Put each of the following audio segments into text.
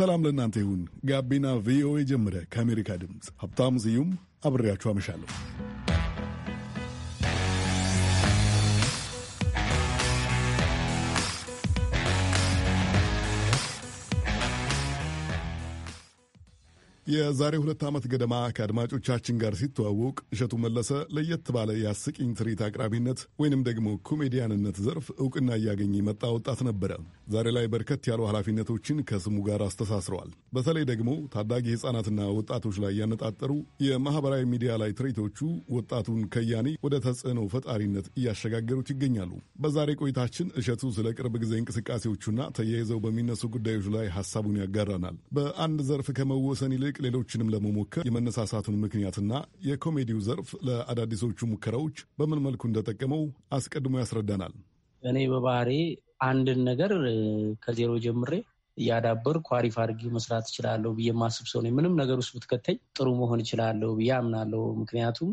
ሰላም ለእናንተ ይሁን። ጋቢና ቪኦኤ ጀምረ ከአሜሪካ ድምፅ ሀብታም ስዩም አብሬያችሁ አመሻለሁ። የዛሬ ሁለት ዓመት ገደማ ከአድማጮቻችን ጋር ሲተዋወቅ እሸቱ መለሰ ለየት ባለ የአስቂኝ ትርኢት አቅራቢነት ወይንም ደግሞ ኮሜዲያንነት ዘርፍ እውቅና እያገኘ የመጣ ወጣት ነበረ። ዛሬ ላይ በርከት ያሉ ኃላፊነቶችን ከስሙ ጋር አስተሳስረዋል። በተለይ ደግሞ ታዳጊ ሕጻናትና ወጣቶች ላይ ያነጣጠሩ የማህበራዊ ሚዲያ ላይ ትርኢቶቹ ወጣቱን ከያኔ ወደ ተጽዕኖ ፈጣሪነት እያሸጋገሩት ይገኛሉ። በዛሬ ቆይታችን እሸቱ ስለ ቅርብ ጊዜ እንቅስቃሴዎቹና ተያይዘው በሚነሱ ጉዳዮች ላይ ሀሳቡን ያጋራናል። በአንድ ዘርፍ ከመወሰን ይልቅ ሌሎችንም ለመሞከር የመነሳሳቱን ምክንያትና የኮሜዲው ዘርፍ ለአዳዲሶቹ ሙከራዎች በምን መልኩ እንደጠቀመው አስቀድሞ ያስረዳናል። እኔ በባህሬ አንድን ነገር ከዜሮ ጀምሬ እያዳበርኩ አሪፍ አድርጌ መስራት እችላለሁ ብዬ ማስብ ሰው ነኝ። ምንም ነገር ውስጥ ብትከተኝ ጥሩ መሆን እችላለሁ ብዬ አምናለሁ። ምክንያቱም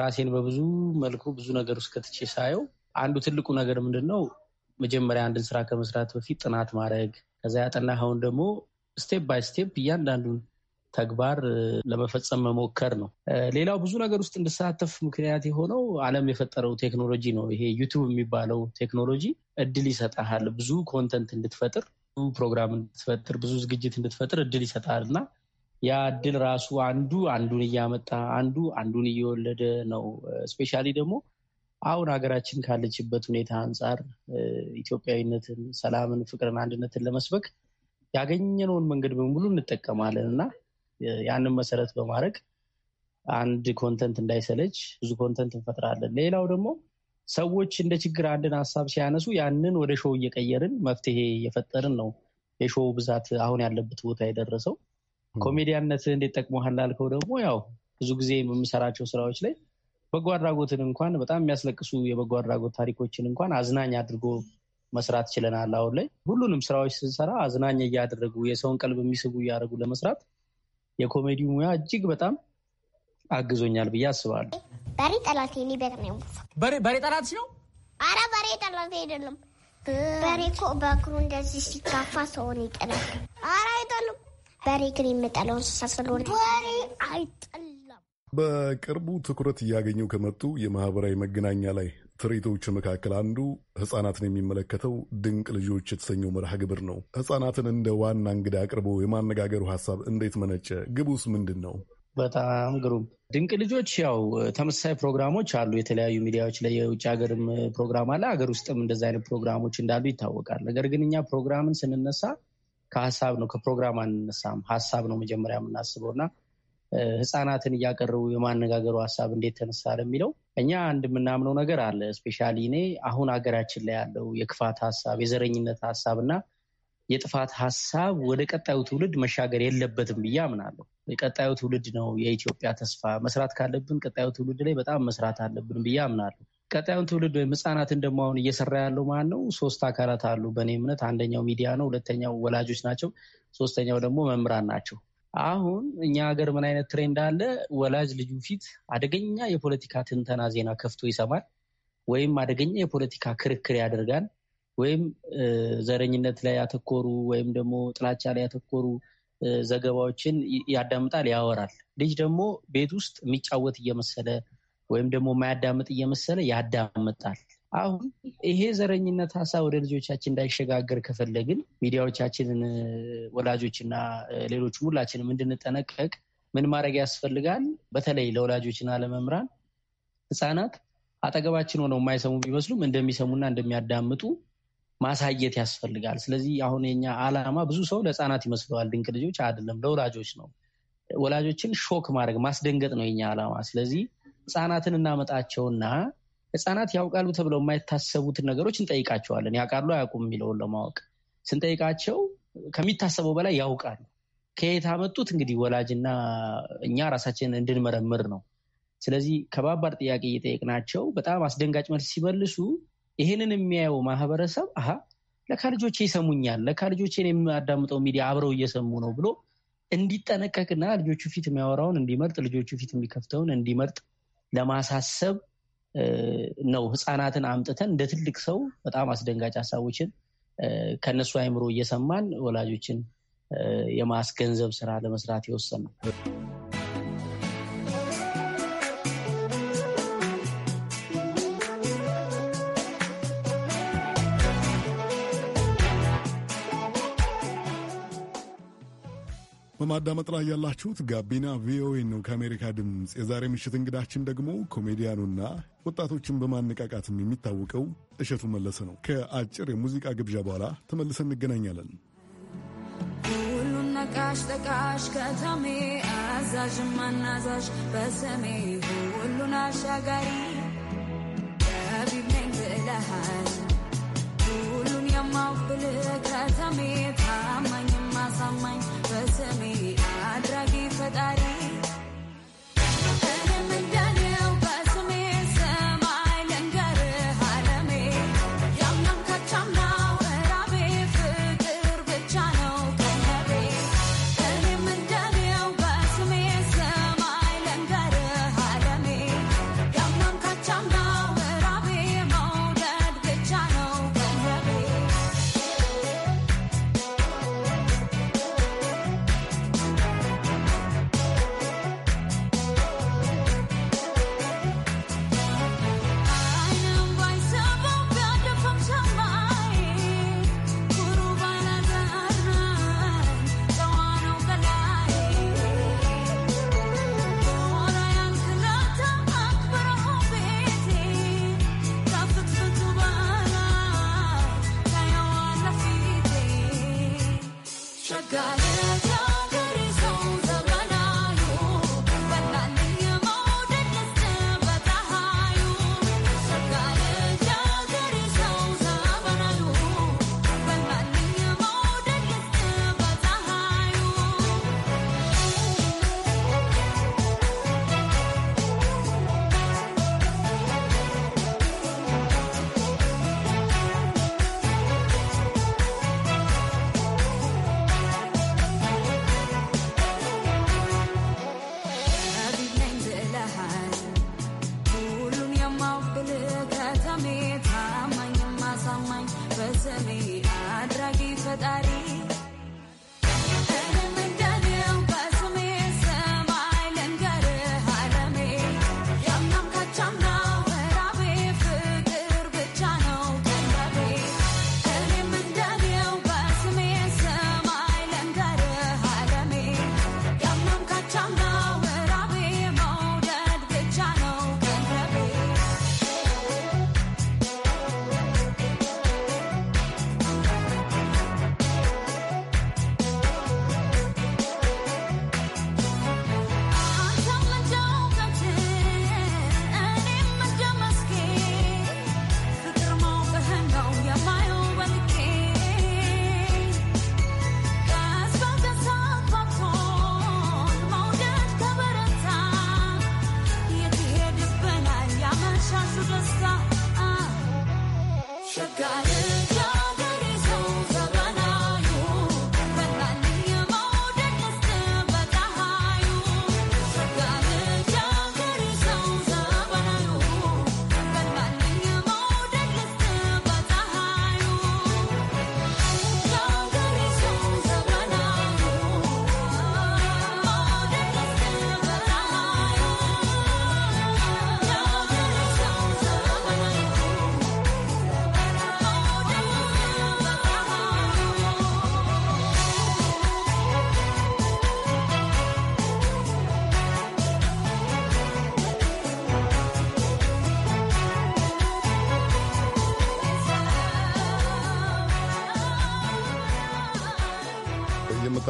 ራሴን በብዙ መልኩ ብዙ ነገር ውስጥ ከትቼ ሳየው አንዱ ትልቁ ነገር ምንድን ነው? መጀመሪያ አንድን ስራ ከመስራት በፊት ጥናት ማድረግ፣ ከዛ ያጠናኸውን ደግሞ ስቴፕ ባይ ስቴፕ እያንዳንዱን ተግባር ለመፈጸም መሞከር ነው። ሌላው ብዙ ነገር ውስጥ እንድሳተፍ ምክንያት የሆነው ዓለም የፈጠረው ቴክኖሎጂ ነው። ይሄ ዩቱብ የሚባለው ቴክኖሎጂ እድል ይሰጣል ብዙ ኮንተንት እንድትፈጥር፣ ብዙ ፕሮግራም እንድትፈጥር፣ ብዙ ዝግጅት እንድትፈጥር እድል ይሰጣል እና ያ እድል ራሱ አንዱ አንዱን እያመጣ አንዱ አንዱን እየወለደ ነው። እስፔሻሊ ደግሞ አሁን ሀገራችን ካለችበት ሁኔታ አንጻር ኢትዮጵያዊነትን፣ ሰላምን፣ ፍቅርን፣ አንድነትን ለመስበክ ያገኘነውን መንገድ በሙሉ እንጠቀማለን እና ያንን መሰረት በማድረግ አንድ ኮንተንት እንዳይሰለች ብዙ ኮንተንት እንፈጥራለን። ሌላው ደግሞ ሰዎች እንደ ችግር አንድን ሀሳብ ሲያነሱ ያንን ወደ ሾው እየቀየርን መፍትሄ እየፈጠርን ነው የሾው ብዛት አሁን ያለበት ቦታ የደረሰው። ኮሜዲያነት እንዴት ጠቅሞሃል ላልከው ደግሞ ያው ብዙ ጊዜ የምሰራቸው ስራዎች ላይ በጎ አድራጎትን እንኳን በጣም የሚያስለቅሱ የበጎ አድራጎት ታሪኮችን እንኳን አዝናኝ አድርጎ መስራት ችለናል። አሁን ላይ ሁሉንም ስራዎች ስንሰራ አዝናኝ እያደረጉ የሰውን ቀልብ የሚስቡ እያደረጉ ለመስራት የኮሜዲ ሙያ እጅግ በጣም አግዞኛል ብዬ አስባለሁ። በሬ ጠላት ሊበቅ ነው። በሬ ጠላት ነው። አረ በሬ ጠላት አይደለም። በሬ ኮ በእግሩ እንደዚህ ሲጋፋ ሰውን ይጠላል። አረ አይጠሉም። በሬ ግን የምጠለው እንስሳ ስለሆነ በሬ አይጠላም። በቅርቡ ትኩረት እያገኙ ከመጡ የማህበራዊ መገናኛ ላይ ትርኢቶች መካከል አንዱ ሕፃናትን የሚመለከተው ድንቅ ልጆች የተሰኘው መርሃ ግብር ነው። ሕፃናትን እንደ ዋና እንግዳ አቅርቦ የማነጋገሩ ሀሳብ እንዴት መነጨ? ግቡስ ምንድን ነው? በጣም ግሩም ድንቅ ልጆች ያው ተመሳሳይ ፕሮግራሞች አሉ። የተለያዩ ሚዲያዎች ላይ የውጭ ሀገርም ፕሮግራም አለ፣ ሀገር ውስጥም እንደዚ አይነት ፕሮግራሞች እንዳሉ ይታወቃል። ነገር ግን እኛ ፕሮግራምን ስንነሳ ከሀሳብ ነው፣ ከፕሮግራም አንነሳም። ሀሳብ ነው መጀመሪያ የምናስበው እና ህፃናትን እያቀረቡ የማነጋገሩ ሀሳብ እንዴት ተነሳ ለሚለው እኛ አንድ የምናምነው ነገር አለ። እስፔሻሊ እኔ አሁን ሀገራችን ላይ ያለው የክፋት ሀሳብ፣ የዘረኝነት ሀሳብ እና የጥፋት ሀሳብ ወደ ቀጣዩ ትውልድ መሻገር የለበትም ብዬ አምናለሁ። የቀጣዩ ትውልድ ነው የኢትዮጵያ ተስፋ። መስራት ካለብን ቀጣዩ ትውልድ ላይ በጣም መስራት አለብን ብዬ አምናለሁ። ቀጣዩን ትውልድ ወይም ህፃናትን ደግሞ አሁን እየሰራ ያለው ማን ነው? ሶስት አካላት አሉ በእኔ እምነት። አንደኛው ሚዲያ ነው፣ ሁለተኛው ወላጆች ናቸው፣ ሶስተኛው ደግሞ መምህራን ናቸው። አሁን እኛ ሀገር ምን አይነት ትሬንድ አለ? ወላጅ ልጁ ፊት አደገኛ የፖለቲካ ትንተና ዜና ከፍቶ ይሰማል፣ ወይም አደገኛ የፖለቲካ ክርክር ያደርጋል፣ ወይም ዘረኝነት ላይ ያተኮሩ ወይም ደግሞ ጥላቻ ላይ ያተኮሩ ዘገባዎችን ያዳምጣል፣ ያወራል። ልጅ ደግሞ ቤት ውስጥ የሚጫወት እየመሰለ ወይም ደግሞ የማያዳምጥ እየመሰለ ያዳምጣል። አሁን ይሄ ዘረኝነት ሀሳብ ወደ ልጆቻችን እንዳይሸጋገር ከፈለግን ሚዲያዎቻችንን ወላጆችና ሌሎች ሁላችንም እንድንጠነቀቅ ምን ማድረግ ያስፈልጋል? በተለይ ለወላጆችና ለመምህራን ህፃናት አጠገባችን ሆነው የማይሰሙ ቢመስሉም እንደሚሰሙና እንደሚያዳምጡ ማሳየት ያስፈልጋል። ስለዚህ አሁን የኛ አላማ ብዙ ሰው ለህፃናት ይመስለዋል፣ ድንቅ ልጆች አይደለም፣ ለወላጆች ነው። ወላጆችን ሾክ ማድረግ ማስደንገጥ ነው የኛ አላማ ስለዚህ ህፃናትን እናመጣቸውና ህጻናት ያውቃሉ ተብለው የማይታሰቡትን ነገሮች እንጠይቃቸዋለን። ያውቃሉ አያውቁም የሚለውን ለማወቅ ስንጠይቃቸው ከሚታሰበው በላይ ያውቃሉ። ከየት አመጡት? እንግዲህ ወላጅና እኛ ራሳችንን እንድንመረምር ነው። ስለዚህ ከባባድ ጥያቄ እየጠየቅናቸው በጣም አስደንጋጭ መልስ ሲመልሱ ይህንን የሚያየው ማህበረሰብ አ ለካ ልጆቼ ይሰሙኛል፣ ለካ ልጆቼን የሚያዳምጠው ሚዲያ አብረው እየሰሙ ነው ብሎ እንዲጠነቀቅና ልጆቹ ፊት የሚያወራውን እንዲመርጥ፣ ልጆቹ ፊት የሚከፍተውን እንዲመርጥ ለማሳሰብ ነው ህፃናትን አምጥተን እንደ ትልቅ ሰው በጣም አስደንጋጭ ሀሳቦችን ከነሱ አይምሮ እየሰማን ወላጆችን የማስገንዘብ ስራ ለመስራት የወሰነ በማዳመጥ ላይ ያላችሁት ጋቢና ቪኦኤ ነው። ከአሜሪካ ድምፅ የዛሬ ምሽት እንግዳችን ደግሞ ኮሜዲያኑና ወጣቶችን በማነቃቃትም የሚታወቀው እሸቱ መለሰ ነው። ከአጭር የሙዚቃ ግብዣ በኋላ ተመልሰን እንገናኛለን። ሁሉን ነቃሽ ጠቃሽ ከተሜ አዛዥ ማናዛዥ በሰሜ ሁሉን አሻጋሪ ቢብነኝ ትእለሃል ሁሉን የማውብል ከተሜ ታማኝ ማሳማኝ በሰሜ አድራጊ ፈጣሪ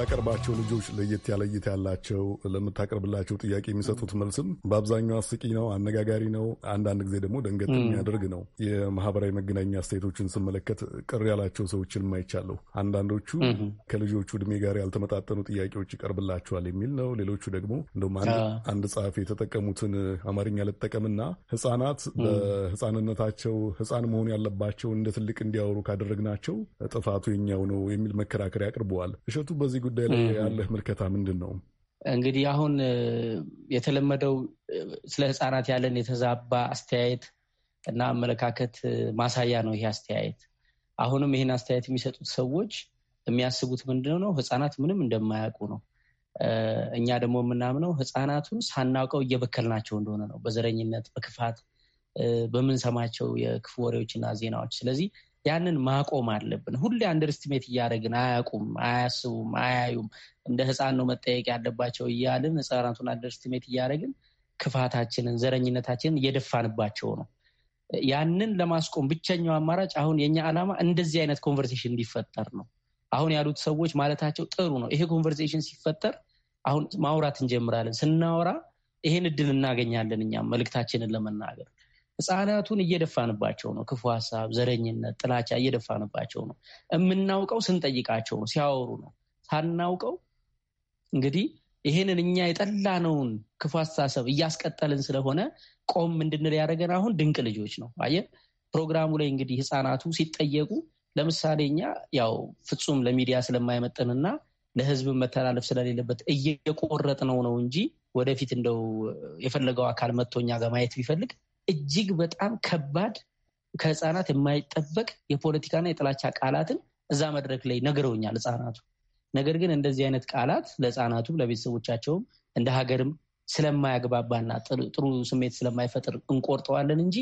ለምታቀርባቸው ልጆች ለየት ያለ እይታ ያላቸው ለምታቀርብላቸው ጥያቄ የሚሰጡት መልስም በአብዛኛው አስቂ ነው፣ አነጋጋሪ ነው፣ አንዳንድ ጊዜ ደግሞ ደንገጥ የሚያደርግ ነው። የማህበራዊ መገናኛ አስተያየቶችን ስመለከት ቅር ያላቸው ሰዎችን ማይቻለሁ። አንዳንዶቹ ከልጆቹ እድሜ ጋር ያልተመጣጠኑ ጥያቄዎች ይቀርብላቸዋል የሚል ነው። ሌሎቹ ደግሞ እንደውም አንድ ጸሐፊ የተጠቀሙትን አማርኛ ልጠቀምና ህጻናት በህጻንነታቸው ህጻን መሆን ያለባቸው እንደ ትልቅ እንዲያወሩ ካደረግናቸው ጥፋቱ የኛው ነው የሚል መከራከሪያ አቅርበዋል። እሸቱ በዚህ ጉዳይ ላይ ያለህ ምልከታ ምንድን ነው? እንግዲህ አሁን የተለመደው ስለ ህፃናት ያለን የተዛባ አስተያየት እና አመለካከት ማሳያ ነው ይሄ አስተያየት። አሁንም ይህን አስተያየት የሚሰጡት ሰዎች የሚያስቡት ምንድን ነው? ህፃናት ምንም እንደማያውቁ ነው። እኛ ደግሞ የምናምነው ህፃናቱን ሳናውቀው እየበከልናቸው እንደሆነ ነው፣ በዘረኝነት፣ በክፋት፣ በምንሰማቸው የክፉ እና ዜናዎች። ስለዚህ ያንን ማቆም አለብን። ሁሌ አንደርስቲሜት እያደረግን አያውቁም፣ አያስቡም፣ አያዩም እንደ ህፃን ነው መጠየቅ ያለባቸው እያልን ህፃናቱን አንደርስቲሜት እያደረግን ክፋታችንን፣ ዘረኝነታችንን እየደፋንባቸው ነው። ያንን ለማስቆም ብቸኛው አማራጭ አሁን የኛ ዓላማ እንደዚህ አይነት ኮንቨርሴሽን እንዲፈጠር ነው። አሁን ያሉት ሰዎች ማለታቸው ጥሩ ነው። ይሄ ኮንቨርሴሽን ሲፈጠር አሁን ማውራት እንጀምራለን። ስናወራ ይሄን እድል እናገኛለን እኛም መልእክታችንን ለመናገር ህጻናቱን እየደፋንባቸው ነው። ክፉ ሀሳብ፣ ዘረኝነት፣ ጥላቻ እየደፋንባቸው ነው። የምናውቀው ስንጠይቃቸው ነው፣ ሲያወሩ ነው። ሳናውቀው እንግዲህ ይሄንን እኛ የጠላነውን ክፉ አስተሳሰብ እያስቀጠልን ስለሆነ ቆም እንድንል ያደረገን አሁን ድንቅ ልጆች ነው። አየህ ፕሮግራሙ ላይ እንግዲህ ህፃናቱ ሲጠየቁ ለምሳሌ እኛ ያው ፍጹም ለሚዲያ ስለማይመጥንና ለህዝብ መተላለፍ ስለሌለበት እየቆረጥ ነው ነው እንጂ ወደፊት እንደው የፈለገው አካል መጥቶ እኛ ጋር ማየት ቢፈልግ እጅግ በጣም ከባድ ከህፃናት የማይጠበቅ የፖለቲካና የጥላቻ ቃላትን እዛ መድረክ ላይ ነግረውኛል ህፃናቱ። ነገር ግን እንደዚህ አይነት ቃላት ለህፃናቱም ለቤተሰቦቻቸውም እንደ ሀገርም ስለማያግባባና ጥሩ ስሜት ስለማይፈጥር እንቆርጠዋለን እንጂ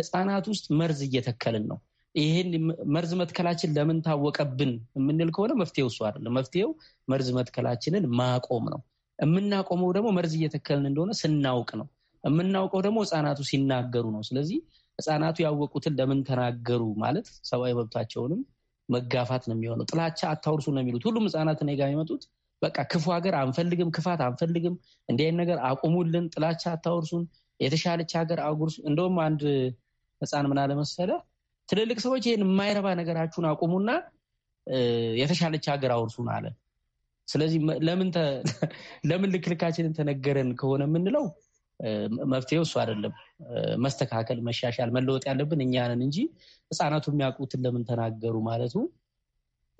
ህፃናት ውስጥ መርዝ እየተከልን ነው። ይህን መርዝ መትከላችን ለምን ታወቀብን የምንል ከሆነ መፍትሄው እሱ አይደለም። መፍትሄው መርዝ መትከላችንን ማቆም ነው። የምናቆመው ደግሞ መርዝ እየተከልን እንደሆነ ስናውቅ ነው። የምናውቀው ደግሞ ህጻናቱ ሲናገሩ ነው። ስለዚህ ህጻናቱ ያወቁትን ለምን ተናገሩ ማለት ሰብአዊ መብታቸውንም መጋፋት ነው የሚሆነው። ጥላቻ አታውርሱ ነው የሚሉት ሁሉም ህጻናት እኔ ጋ የሚመጡት በቃ ክፉ ሀገር አንፈልግም፣ ክፋት አንፈልግም፣ እንዲህ አይነት ነገር አቁሙልን፣ ጥላቻ አታወርሱን፣ የተሻለች ሀገር አጉርሱ። እንደውም አንድ ህፃን ምን አለ መሰለ ትልልቅ ሰዎች ይህን የማይረባ ነገራችሁን አቁሙና የተሻለች ሀገር አውርሱን አለ። ስለዚህ ለምን ልክልካችንን ተነገረን ከሆነ የምንለው መፍትሄው እሱ አይደለም። መስተካከል፣ መሻሻል፣ መለወጥ ያለብን እኛንን እንጂ ህፃናቱ የሚያውቁትን ለምን ተናገሩ ማለቱ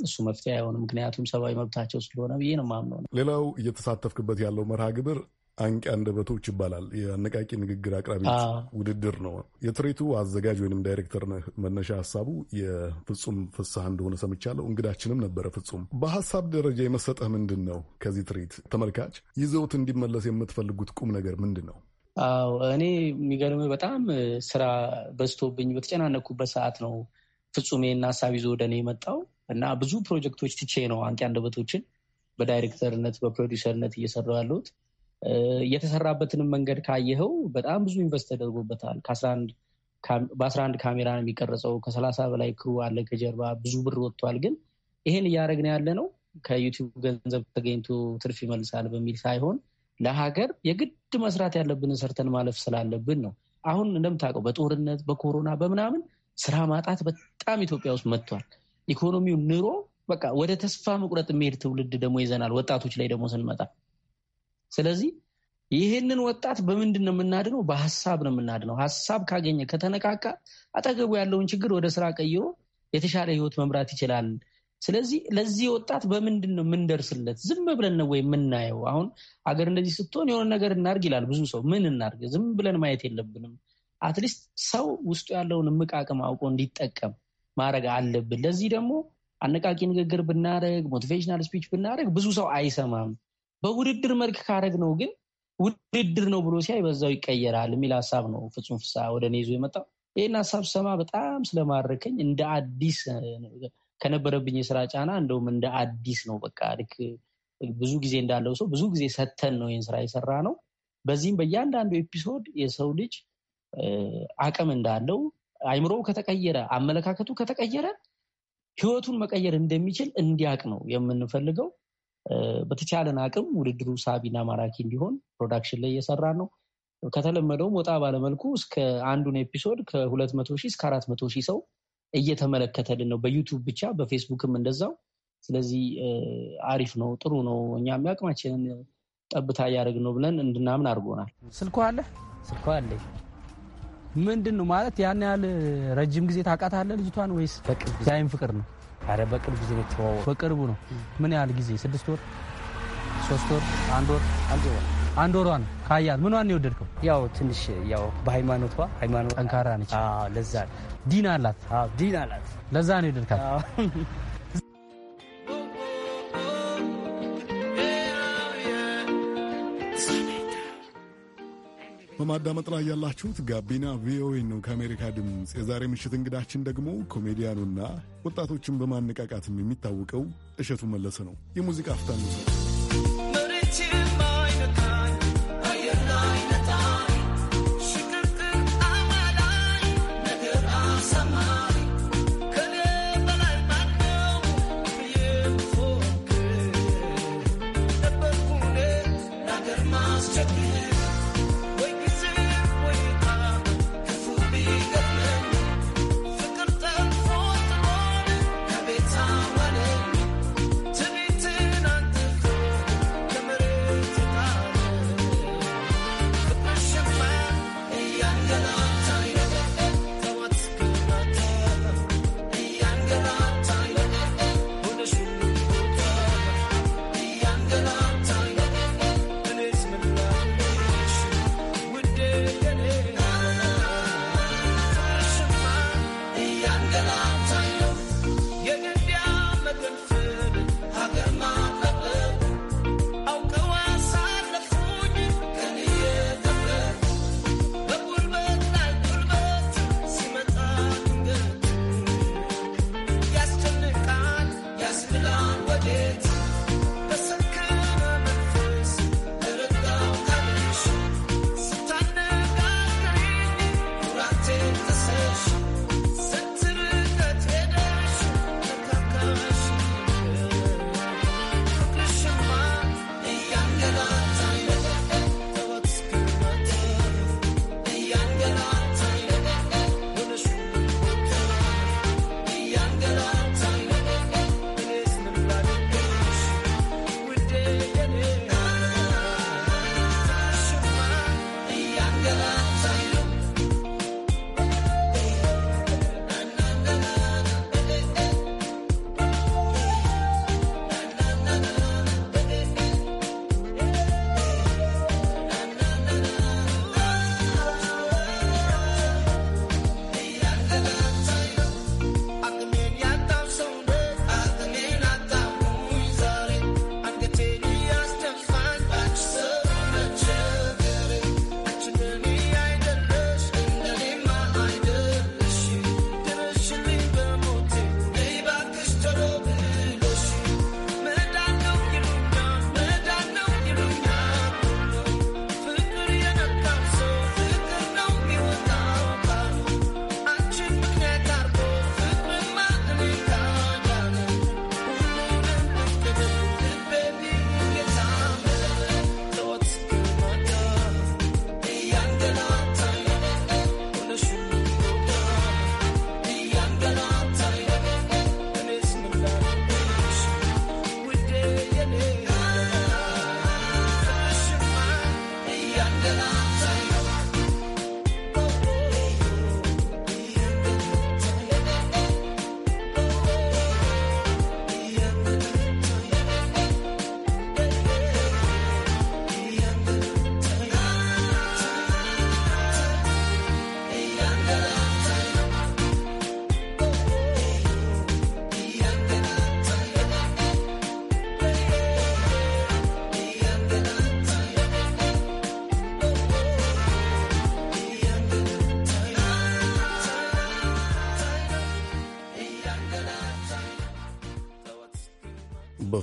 እሱ መፍትሄ አይሆንም። ምክንያቱም ሰብአዊ መብታቸው ስለሆነ ብዬ ነው የማምነው። ሌላው እየተሳተፍክበት ያለው መርሃ ግብር አንቂ አንደበቶች ይባላል። የአነቃቂ ንግግር አቅራቢዎች ውድድር ነው። የትርኢቱ አዘጋጅ ወይም ዳይሬክተር ነህ። መነሻ ሀሳቡ የፍጹም ፍስሐ እንደሆነ ሰምቻለሁ። እንግዳችንም ነበረ ፍጹም። በሀሳብ ደረጃ የመሰጠህ ምንድን ነው? ከዚህ ትሬት ተመልካች ይዘውት እንዲመለስ የምትፈልጉት ቁም ነገር ምንድን ነው? አዎ እኔ የሚገርምህ በጣም ስራ በዝቶብኝ በተጨናነኩበት ሰዓት ነው ፍጹሜና ሀሳብ ይዞ ወደ እኔ የመጣው እና ብዙ ፕሮጀክቶች ትቼ ነው አንቂ አንደበቶችን በዳይሬክተርነት በፕሮዲሰርነት እየሰሩ ያሉት። የተሰራበትንም መንገድ ካየኸው በጣም ብዙ ኢንቨስት ተደርጎበታል። በአስራ አንድ ካሜራ ነው የሚቀረጸው። ከሰላሳ በላይ ክሩ አለ ከጀርባ ብዙ ብር ወጥቷል። ግን ይሄን እያደረግን ያለ ነው ከዩቲዩብ ገንዘብ ተገኝቶ ትርፍ ይመልሳል በሚል ሳይሆን ለሀገር የግድ መስራት ያለብንን ሰርተን ማለፍ ስላለብን ነው። አሁን እንደምታውቀው በጦርነት በኮሮና በምናምን ስራ ማጣት በጣም ኢትዮጵያ ውስጥ መጥቷል። ኢኮኖሚው ኑሮ በቃ ወደ ተስፋ መቁረጥ የሚሄድ ትውልድ ደግሞ ይዘናል። ወጣቶች ላይ ደግሞ ስንመጣ ስለዚህ ይህንን ወጣት በምንድን ነው የምናድነው? በሀሳብ ነው የምናድነው። ሀሳብ ካገኘ ከተነቃቃ፣ አጠገቡ ያለውን ችግር ወደ ስራ ቀይሮ የተሻለ ህይወት መምራት ይችላል ስለዚህ ለዚህ ወጣት በምንድን ነው የምንደርስለት? ዝም ብለን ነው ወይ የምናየው? አሁን አገር እንደዚህ ስትሆን የሆነ ነገር እናርግ ይላል ብዙ ሰው። ምን እናርግ? ዝም ብለን ማየት የለብንም። አትሊስት ሰው ውስጡ ያለውን እምቅ አቅም አውቆ እንዲጠቀም ማድረግ አለብን። ለዚህ ደግሞ አነቃቂ ንግግር ብናደረግ፣ ሞቲቬሽናል ስፒች ብናደረግ ብዙ ሰው አይሰማም። በውድድር መልክ ካደረግ ነው ግን ውድድር ነው ብሎ ሲያይ በዛው ይቀየራል የሚል ሀሳብ ነው ፍጹም ፍሳ ወደ እኔ ይዞ የመጣው። ይህን ሀሳብ ሰማ በጣም ስለማረከኝ እንደ አዲስ ከነበረብኝ የስራ ጫና እንደውም እንደ አዲስ ነው። በቃ ልክ ብዙ ጊዜ እንዳለው ሰው ብዙ ጊዜ ሰተን ነው ይህን ስራ የሰራ ነው። በዚህም በእያንዳንዱ ኤፒሶድ የሰው ልጅ አቅም እንዳለው አይምሮው ከተቀየረ፣ አመለካከቱ ከተቀየረ ህይወቱን መቀየር እንደሚችል እንዲያቅ ነው የምንፈልገው። በተቻለን አቅም ውድድሩ ሳቢና ማራኪ እንዲሆን ፕሮዳክሽን ላይ እየሰራ ነው። ከተለመደውም ወጣ ባለመልኩ እስከ አንዱን ኤፒሶድ ከሁለት መቶ ሺህ እስከ አራት መቶ ሺህ ሰው እየተመለከተልን ነው። በዩቱብ ብቻ በፌስቡክም እንደዛው። ስለዚህ አሪፍ ነው፣ ጥሩ ነው። እኛም ያቅማችንን ጠብታ እያደረግ ነው ብለን እንድናምን አድርጎናል። ስልኳ አለ ስልኳ አለ። ምንድን ነው ማለት ያን ያህል ረጅም ጊዜ ታውቃታለ ልጅቷን ወይስ ዛይም ፍቅር ነው? አረ በቅርብ ጊዜ ነው። በቅርቡ ነው። ምን ያህል ጊዜ? ስድስት ወር፣ ሶስት ወር፣ አንድ ወር፣ አንድ ወር አንድ ወሯ ነው ካያት። ምኗን የወደድከው? ያው ትንሽ ያው በሃይማኖቷ ሃይማኖት ጠንካራ ነች። ለዛ ዲን አላት፣ ዲን አላት። ለዛ ነው የወደድካት። በማዳመጥ ላይ ያላችሁት ጋቢና ቪኦኤ ነው ከአሜሪካ ድምፅ። የዛሬ ምሽት እንግዳችን ደግሞ ኮሜዲያኑና ወጣቶችን በማነቃቃትም የሚታወቀው እሸቱ መለሰ ነው። የሙዚቃ አፍታ ነው።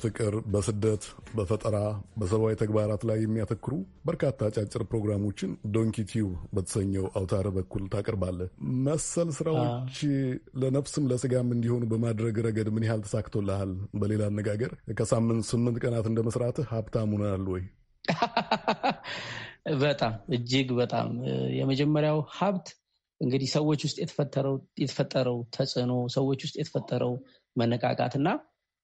በፍቅር፣ በስደት፣ በፈጠራ፣ በሰብአዊ ተግባራት ላይ የሚያተክሩ በርካታ አጫጭር ፕሮግራሞችን ዶንኪ ቲዩብ በተሰኘው አውታር በኩል ታቀርባለህ። መሰል ስራዎች ለነፍስም ለስጋም እንዲሆኑ በማድረግ ረገድ ምን ያህል ተሳክቶልሃል? በሌላ አነጋገር ከሳምንት ስምንት ቀናት እንደ መስራትህ ሀብታም ሆነሃል ወይ? በጣም እጅግ በጣም የመጀመሪያው ሀብት እንግዲህ ሰዎች ውስጥ የተፈጠረው ተጽዕኖ፣ ሰዎች ውስጥ የተፈጠረው መነቃቃትና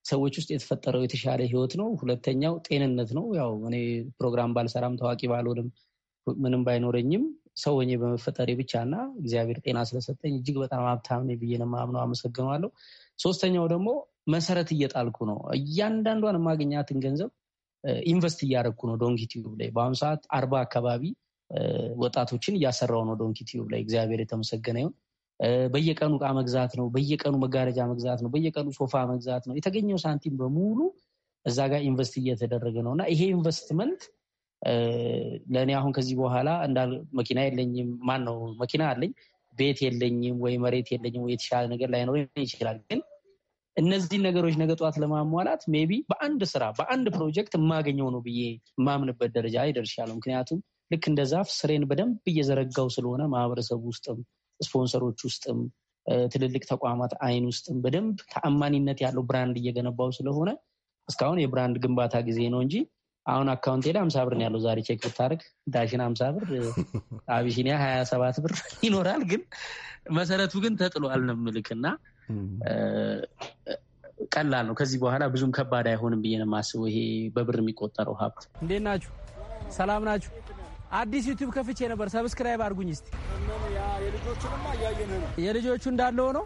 ሰዎች ውስጥ የተፈጠረው የተሻለ ህይወት ነው። ሁለተኛው ጤንነት ነው። ያው እኔ ፕሮግራም ባልሰራም ታዋቂ ባልሆንም ምንም ባይኖረኝም ሰው ሆኜ በመፈጠሬ ብቻ እና እግዚአብሔር ጤና ስለሰጠኝ እጅግ በጣም ሀብታም ነኝ ብዬ ነው የማምነው። አመሰግነዋለሁ። ሶስተኛው ደግሞ መሰረት እየጣልኩ ነው። እያንዳንዷን የማገኛትን ገንዘብ ኢንቨስት እያደረግኩ ነው ዶንኪ ቲዩብ ላይ። በአሁኑ ሰዓት አርባ አካባቢ ወጣቶችን እያሰራው ነው ዶንኪ ቲዩብ ላይ። እግዚአብሔር የተመሰገነ ይሁን። በየቀኑ ዕቃ መግዛት ነው፣ በየቀኑ መጋረጃ መግዛት ነው፣ በየቀኑ ሶፋ መግዛት ነው። የተገኘው ሳንቲም በሙሉ እዛ ጋር ኢንቨስት እየተደረገ ነው እና ይሄ ኢንቨስትመንት ለእኔ አሁን ከዚህ በኋላ እንዳ መኪና የለኝም ማን ነው መኪና አለኝ ቤት የለኝም ወይ መሬት የለኝም ወይ የተሻለ ነገር ላይኖር ይችላል። ግን እነዚህን ነገሮች ነገ ጠዋት ለማሟላት ሜቢ ቢ በአንድ ስራ በአንድ ፕሮጀክት የማገኘው ነው ብዬ የማምንበት ደረጃ ይደርሻለሁ። ምክንያቱም ልክ እንደ ዛፍ ስሬን በደንብ እየዘረጋው ስለሆነ ማህበረሰቡ ውስጥም ስፖንሰሮች ውስጥም ትልልቅ ተቋማት አይን ውስጥም በደንብ ተአማኒነት ያለው ብራንድ እየገነባው ስለሆነ እስካሁን የብራንድ ግንባታ ጊዜ ነው እንጂ አሁን አካውንቴ ላይ አምሳ ብር ነው ያለው። ዛሬ ቼክ ብታደርግ ዳሽን አምሳ ብር፣ አቢሲኒያ ሀያ ሰባት ብር ይኖራል። ግን መሰረቱ ግን ተጥሏል ነው ምልክ እና ቀላል ነው። ከዚህ በኋላ ብዙም ከባድ አይሆንም ብዬ ነው የማስበው። ይሄ በብር የሚቆጠረው ሀብት። እንዴት ናችሁ? ሰላም ናችሁ? አዲስ ዩቲዩብ ከፍቼ ነበር። ሰብስክራይብ አድርጉኝ እስቲ የልጆቹ እንዳለ ሆኖ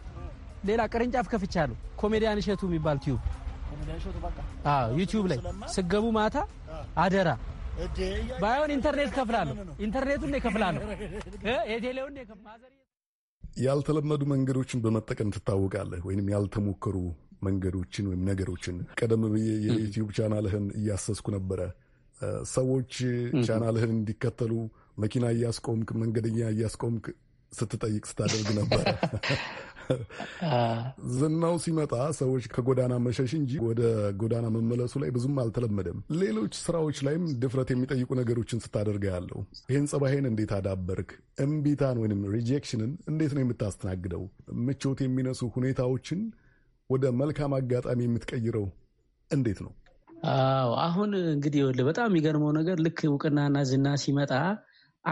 ሌላ ቅርንጫፍ ከፍቻለሁ። ኮሜዲያን እሸቱ የሚባል ቲዩብ ዩቲዩብ ላይ ስገቡ ማታ አደራ ባይሆን ኢንተርኔት ከፍላለሁ። ኢንተርኔቱን ከፍላለሁ። የቴሌውን ያልተለመዱ መንገዶችን በመጠቀም ትታወቃለህ ወይም ያልተሞከሩ መንገዶችን ወይም ነገሮችን ቀደም ብዬ የዩቲዩብ ቻናልህን እያሰስኩ ነበረ። ሰዎች ቻናልህን እንዲከተሉ መኪና እያስቆምክ መንገደኛ እያስቆምክ ስትጠይቅ ስታደርግ ነበር። ዝናው ሲመጣ ሰዎች ከጎዳና መሸሽ እንጂ ወደ ጎዳና መመለሱ ላይ ብዙም አልተለመደም። ሌሎች ስራዎች ላይም ድፍረት የሚጠይቁ ነገሮችን ስታደርገ ያለው ይህን ጸባይን እንዴት አዳበርክ? እምቢታን ወይም ሪጀክሽንን እንዴት ነው የምታስተናግደው? ምቾት የሚነሱ ሁኔታዎችን ወደ መልካም አጋጣሚ የምትቀይረው እንዴት ነው? አዎ አሁን እንግዲህ በጣም የሚገርመው ነገር ልክ እውቅናና ዝና ሲመጣ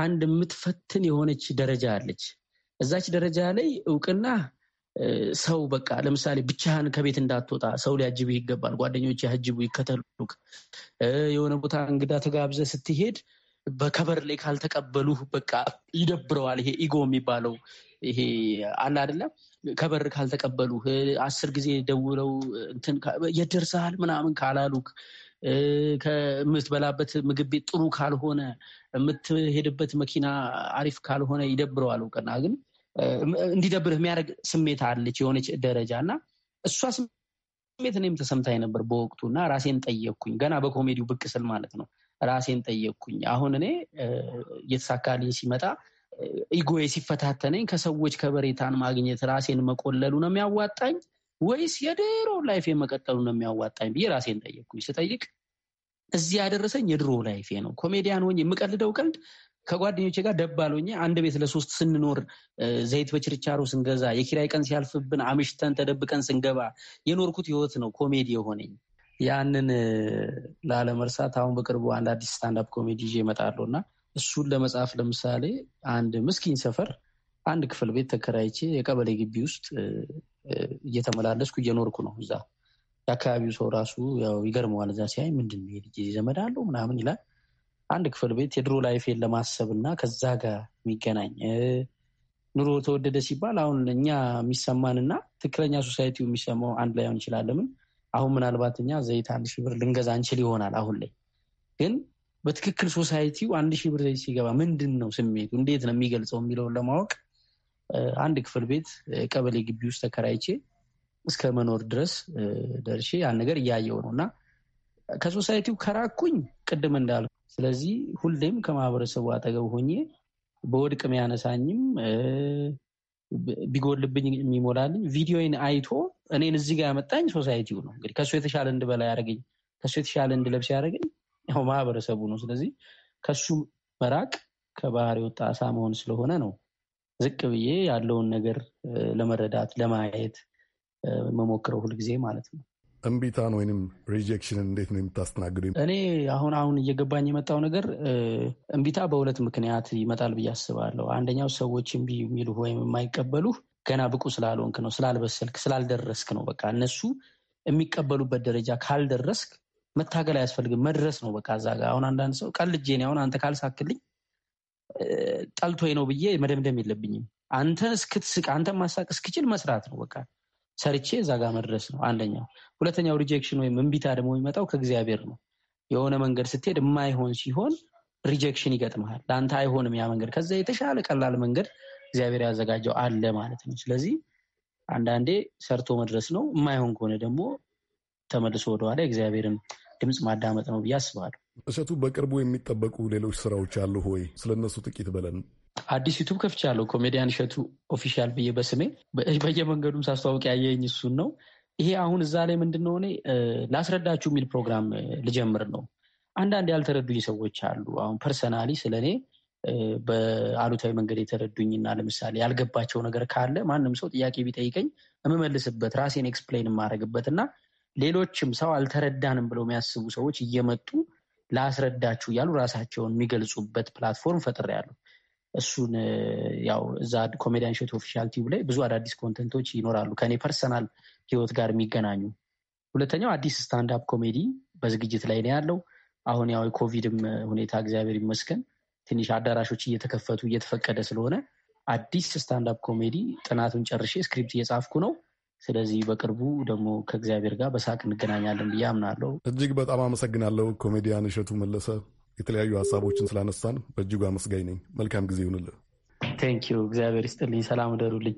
አንድ የምትፈትን የሆነች ደረጃ አለች። እዛች ደረጃ ላይ እውቅና ሰው በቃ ለምሳሌ ብቻህን ከቤት እንዳትወጣ ሰው ሊያጅቡ ይገባል። ጓደኞች ያጅቡ ይከተሉክ። የሆነ ቦታ እንግዳ ተጋብዘ ስትሄድ በከበር ላይ ካልተቀበሉ በቃ ይደብረዋል። ይሄ ኢጎ የሚባለው ይሄ አለ አይደለም። ከበር ካልተቀበሉ አስር ጊዜ ደውለው እንትን የደርሰሃል ምናምን ካላሉክ ከምትበላበት ምግብ ቤት ጥሩ ካልሆነ፣ የምትሄድበት መኪና አሪፍ ካልሆነ ይደብረዋል። እውቅና ግን እንዲደብርህ የሚያደርግ ስሜት አለች የሆነች ደረጃ እና እሷ ስሜት እኔም ተሰምታኝ ነበር በወቅቱ እና ራሴን ጠየቅኩኝ። ገና በኮሜዲው ብቅ ስል ማለት ነው። ራሴን ጠየቅኩኝ። አሁን እኔ እየተሳካልኝ ሲመጣ ኢጎዬ ሲፈታተነኝ ከሰዎች ከበሬታን ማግኘት ራሴን መቆለሉ ነው የሚያዋጣኝ ወይስ የድሮ ላይፌ መቀጠሉ ነው የሚያዋጣኝ ብዬ ራሴን ጠየቅኩኝ። ስጠይቅ እዚህ ያደረሰኝ የድሮ ላይፌ ነው። ኮሜዲያን ሆኜ የምቀልደው ቀልድ ከጓደኞቼ ጋር ደባል ሆኜ አንድ ቤት ለሶስት ስንኖር ዘይት በችርቻሮ ስንገዛ፣ የኪራይ ቀን ሲያልፍብን አምሽተን ተደብቀን ስንገባ የኖርኩት ህይወት ነው ኮሜዲ የሆነኝ። ያንን ላለመርሳት አሁን በቅርቡ አንድ አዲስ ስታንዳፕ ኮሜዲ ይዤ እመጣለሁ እና እሱን ለመጻፍ ለምሳሌ አንድ ምስኪን ሰፈር አንድ ክፍል ቤት ተከራይቼ የቀበሌ ግቢ ውስጥ እየተመላለስኩ እየኖርኩ ነው። እዛ የአካባቢው ሰው ራሱ ያው ይገርመዋል። እዛ ሲያይ ምንድን ነው የልጅ ዘመድ አለው ምናምን ይላል። አንድ ክፍል ቤት የድሮ ላይፌን ለማሰብ እና ከዛ ጋር የሚገናኝ ኑሮ ተወደደ ሲባል አሁን እኛ የሚሰማን እና ትክክለኛ ሶሳይቲው የሚሰማው አንድ ላይሆን ሆን ይችላል። አሁን ምናልባት እኛ ዘይት አንድ ሺህ ብር ልንገዛ እንችል ይሆናል። አሁን ላይ ግን በትክክል ሶሳይቲው አንድ ሺህ ብር ዘይት ሲገባ ምንድን ነው ስሜቱ፣ እንዴት ነው የሚገልጸው የሚለውን ለማወቅ አንድ ክፍል ቤት ቀበሌ ግቢ ውስጥ ተከራይቼ እስከ መኖር ድረስ ደርሼ ያን ነገር እያየው ነው እና ከሶሳይቲው ከራኩኝ ቅድም እንዳልኩ ስለዚህ ሁሌም ከማህበረሰቡ አጠገብ ሆኜ በወድቅ የሚያነሳኝም ቢጎልብኝ የሚሞላልኝ ቪዲዮን አይቶ እኔን እዚህ ጋር ያመጣኝ ሶሳይቲው ነው። እንግዲህ ከሱ የተሻለ እንድበላ ያደረገኝ ከሱ የተሻለ እንድለብስ ያደረገኝ ያው ማህበረሰቡ ነው። ስለዚህ ከሱ መራቅ ከባህር የወጣ አሳ መሆን ስለሆነ ነው ዝቅ ብዬ ያለውን ነገር ለመረዳት ለማየት መሞክረው ሁልጊዜ ማለት ነው። እምቢታን ወይም ሪጀክሽንን እንዴት ነው የምታስተናግዱ? እኔ አሁን አሁን እየገባኝ የመጣው ነገር እምቢታ በሁለት ምክንያት ይመጣል ብዬ አስባለሁ። አንደኛው ሰዎች እምቢ የሚሉ ወይም የማይቀበሉ ገና ብቁ ስላልሆንክ ነው፣ ስላልበሰልክ፣ ስላልደረስክ ነው። በቃ እነሱ የሚቀበሉበት ደረጃ ካልደረስክ መታገል አያስፈልግም፣ መድረስ ነው በቃ እዛ ጋር። አሁን አንዳንድ ሰው ቀልጄ እኔ አሁን አንተ ካልሳክልኝ ጠልቶኝ ነው ብዬ መደምደም የለብኝም። አንተ እስክትስቅ አንተ ማሳቅ እስክችል መስራት ነው በቃ ሰርቼ እዛ ጋር መድረስ ነው አንደኛው። ሁለተኛው ሪጀክሽን ወይም እምቢታ ደግሞ የሚመጣው ከእግዚአብሔር ነው። የሆነ መንገድ ስትሄድ የማይሆን ሲሆን ሪጀክሽን ይገጥመሃል። ለአንተ አይሆንም ያ መንገድ። ከዛ የተሻለ ቀላል መንገድ እግዚአብሔር ያዘጋጀው አለ ማለት ነው። ስለዚህ አንዳንዴ ሰርቶ መድረስ ነው። የማይሆን ከሆነ ደግሞ ተመልሶ ወደኋላ እግዚአብሔርን ድምፅ ማዳመጥ ነው ብዬ አስባለሁ። እሸቱ፣ በቅርቡ የሚጠበቁ ሌሎች ስራዎች አሉ ሆይ? ስለነሱ ጥቂት በለን። አዲስ ዩቱብ ከፍቻለሁ፣ ኮሜዲያን እሸቱ ኦፊሻል ብዬ በስሜ በየመንገዱም ሳስተዋወቅ ያየኝ እሱን ነው። ይሄ አሁን እዛ ላይ ምንድን ነው እኔ ላስረዳችሁ የሚል ፕሮግራም ልጀምር ነው። አንዳንድ ያልተረዱኝ ሰዎች አሉ። አሁን ፐርሰናሊ ስለ እኔ በአሉታዊ መንገድ የተረዱኝና ለምሳሌ ያልገባቸው ነገር ካለ ማንም ሰው ጥያቄ ቢጠይቀኝ የምመልስበት ራሴን ኤክስፕሌን የማደርግበት እና ሌሎችም ሰው አልተረዳንም ብለው የሚያስቡ ሰዎች እየመጡ ላስረዳችሁ እያሉ ራሳቸውን የሚገልጹበት ፕላትፎርም ፈጥሬያለሁ። እሱን ያው እዛ ኮሜዲያን ሸት ኦፊሻል ቲዩብ ላይ ብዙ አዳዲስ ኮንተንቶች ይኖራሉ ከእኔ ፐርሰናል ህይወት ጋር የሚገናኙ። ሁለተኛው አዲስ ስታንዳፕ ኮሜዲ በዝግጅት ላይ ነው ያለው። አሁን ያው የኮቪድም ሁኔታ እግዚአብሔር ይመስገን ትንሽ አዳራሾች እየተከፈቱ እየተፈቀደ ስለሆነ አዲስ ስታንዳፕ ኮሜዲ ጥናቱን ጨርሼ ስክሪፕት እየጻፍኩ ነው። ስለዚህ በቅርቡ ደግሞ ከእግዚአብሔር ጋር በሳቅ እንገናኛለን ብዬ አምናለሁ። እጅግ በጣም አመሰግናለሁ ኮሜዲያን እሸቱ መለሰ። የተለያዩ ሀሳቦችን ስላነሳን በእጅጉ አመስጋኝ ነኝ። መልካም ጊዜ ይሁንልህ። ቴንኪዩ። እግዚአብሔር ይስጥልኝ። ሰላም እደሩልኝ።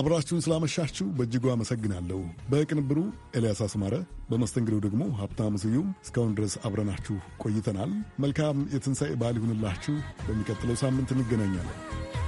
አብራችሁን ስላመሻችሁ በእጅጉ አመሰግናለሁ። በቅንብሩ ኤልያስ አስማረ፣ በመስተንግዶው ደግሞ ሀብታም ስዩም። እስካሁን ድረስ አብረናችሁ ቆይተናል። መልካም የትንሣኤ በዓል ይሁንላችሁ። በሚቀጥለው ሳምንት እንገናኛለን።